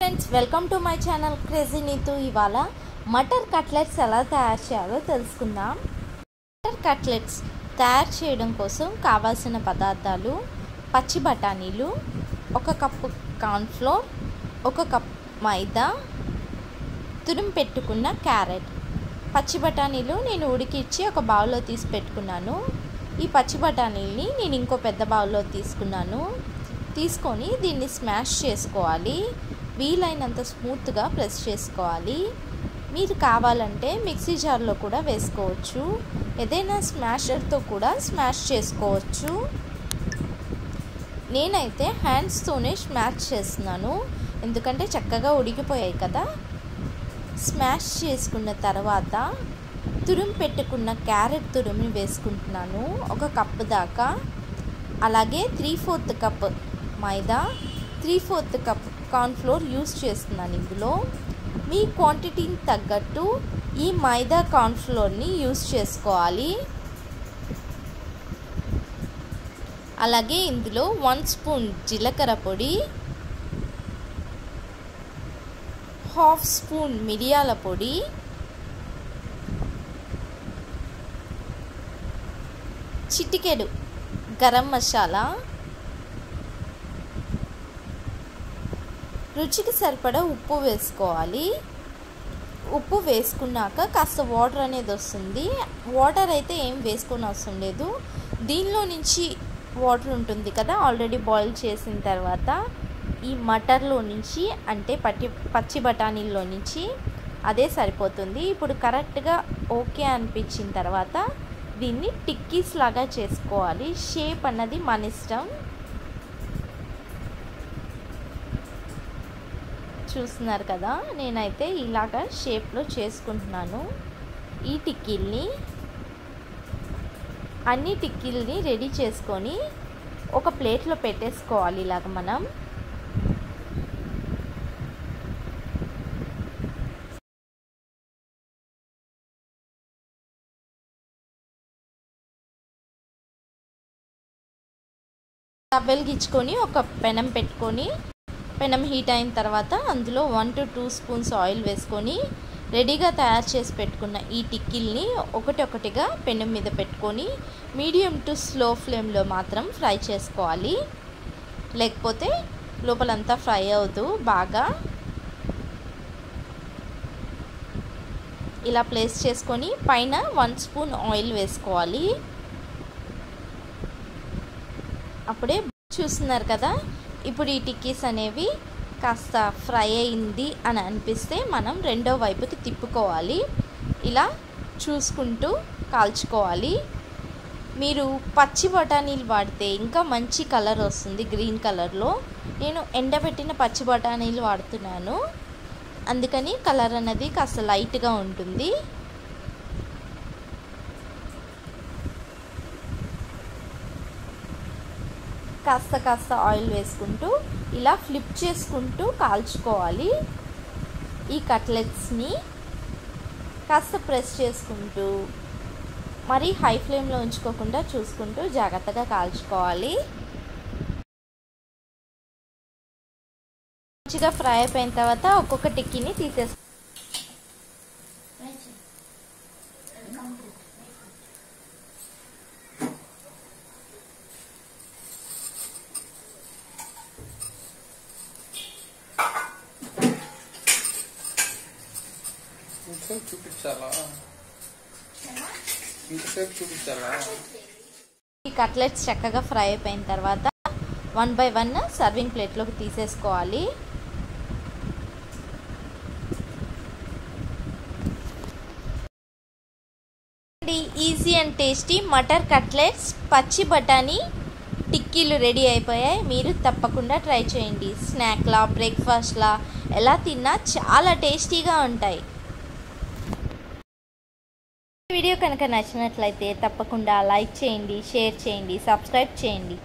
friends welcome to my channel crazy Neetu ఇవాళ మటర్ cutlets ఎలా తయారు చేయాలో తెలుసుకుందాం మటర్ కట్లెట్స్ తయారు చేయడం కోసం కావాల్సిన పదార్థాలు పచ్చి బఠానీలు ఒక కప్పు కార్న్ఫ్లోర్ ఒక కప్ మైదా తురిమి పెట్టుకున్న క్యారెట్ పచ్చి బఠానీలు నేను ఉడికిచ్చి ఒక బౌల్లో తీసి పెట్టుకున్నాను ఈ పచ్చి బఠానీని నేను ఇంకో పెద్ద బౌల్లో తీసుకున్నాను తీసుకొని దీన్ని స్మాష్ చేసుకోవాలి వీలైనంత స్మూత్గా ప్రెస్ చేసుకోవాలి మీరు కావాలంటే మిక్సీ జార్లో కూడా వేసుకోవచ్చు ఏదైనా స్మాషర్తో కూడా స్మాష్ చేసుకోవచ్చు నేనైతే హ్యాండ్స్తోనే స్మాష్ చేస్తున్నాను ఎందుకంటే చక్కగా ఉడికిపోయాయి కదా స్మాష్ చేసుకున్న తర్వాత తురుము పెట్టుకున్న క్యారెట్ తురుముని వేసుకుంటున్నాను ఒక కప్పు దాకా అలాగే త్రీ ఫోర్త్ కప్ మైదా three fourth cup cornflour use చేస్తున్నాను ఇందులో మీ క్వాంటిటీని తగ్గట్టు ఈ మైదా కార్న్ఫ్లోర్ని యూస్ చేసుకోవాలి అలాగే ఇందులో వన్ స్పూన్ జీలకర్ర పొడి హాఫ్ స్పూన్ మిరియాల పొడి చిటికెడు గరం మసాలా రుచికి సరిపడా ఉప్పు వేసుకోవాలి ఉప్పు వేసుకున్నాక కాస్త వాటర్ అనేది వస్తుంది వాటర్ అయితే ఏం వేసుకొని అవసరం లేదు దీనిలో నుంచి వాటర్ ఉంటుంది కదా ఆల్రెడీ బాయిల్ చేసిన తర్వాత ఈ మటర్లో నుంచి అంటే పట్టి పచ్చి బఠానీల్లో నుంచి అదే సరిపోతుంది ఇప్పుడు కరెక్ట్గా ఓకే అనిపించిన తర్వాత దీన్ని టిక్కీస్ లాగా చేసుకోవాలి షేప్ అన్నది మన ఇష్టం చూస్తున్నారు కదా నేనైతే ఇలాగ షేప్లో చేసుకుంటున్నాను ఈ టిక్కీల్ని అన్ని టిక్కీల్ని రెడీ చేసుకొని ఒక ప్లేట్లో పెట్టేసుకోవాలి ఇలాగ మనం స్టవ్ వెలిగించుకొని ఒక పెనం పెట్టుకొని పెనం హీట్ అయిన తర్వాత అందులో one to two spoons oil వేసుకొని రెడీగా తయారు చేసి పెట్టుకున్న ఈ టిక్కిల్ని ఒకటిగా పెనం మీద పెట్టుకొని మీడియం టు స్లో ఫ్లేమ్లో మాత్రం ఫ్రై చేసుకోవాలి లేకపోతే లోపలంతా ఫ్రై అవుతు బాగా ఇలా ప్లేస్ చేసుకొని పైన వన్ స్పూన్ ఆయిల్ వేసుకోవాలి అప్పుడే చూస్తున్నారు కదా ఇప్పుడు ఈ టిక్కీస్ అనేవి కాస్త ఫ్రై అయింది అని అనిపిస్తే మనం రెండో వైపుకి తిప్పుకోవాలి ఇలా చూసుకుంటూ కాల్చుకోవాలి మీరు పచ్చి బఠానీలు వాడితే ఇంకా మంచి కలర్ వస్తుంది గ్రీన్ కలర్లో నేను ఎండబెట్టిన పచ్చి బఠానీలు వాడుతున్నాను అందుకని కలర్ అనేది కాస్త లైట్గా ఉంటుంది కాస్త కాస్త ఆయిల్ వేసుకుంటూ ఇలా ఫ్లిప్ చేసుకుంటూ కాల్చుకోవాలి ఈ కట్లెట్స్ని కాస్త ప్రెస్ చేసుకుంటూ మరి హై ఫ్లేమ్లో ఉంచుకోకుండా చూసుకుంటూ జాగ్రత్తగా కాల్చుకోవాలి మంచిగా ఫ్రై అయిపోయిన తర్వాత ఒక్కొక్క టిక్కీని తీసేసుకోవాలి చూపించాలా చూపించాలా ఈ కట్లెట్స్ చక్కగా ఫ్రై అయిపోయిన తర్వాత వన్ బై వన్ సర్వింగ్ ప్లేట్లోకి తీసేసుకోవాలి ఈజీ అండ్ టేస్టీ మటర్ కట్లెట్స్ పచ్చి బఠానీ టిక్కీలు రెడీ అయిపోయాయి మీరు తప్పకుండా ట్రై చేయండి స్నాక్లా బ్రేక్ఫాస్ట్లా ఎలా తిన్నా చాలా టేస్టీగా ఉంటాయి వీడియో కనుక నచ్చినట్లయితే తప్పకుండా లైక్ చేయండి షేర్ చేయండి సబ్స్క్రైబ్ చేయండి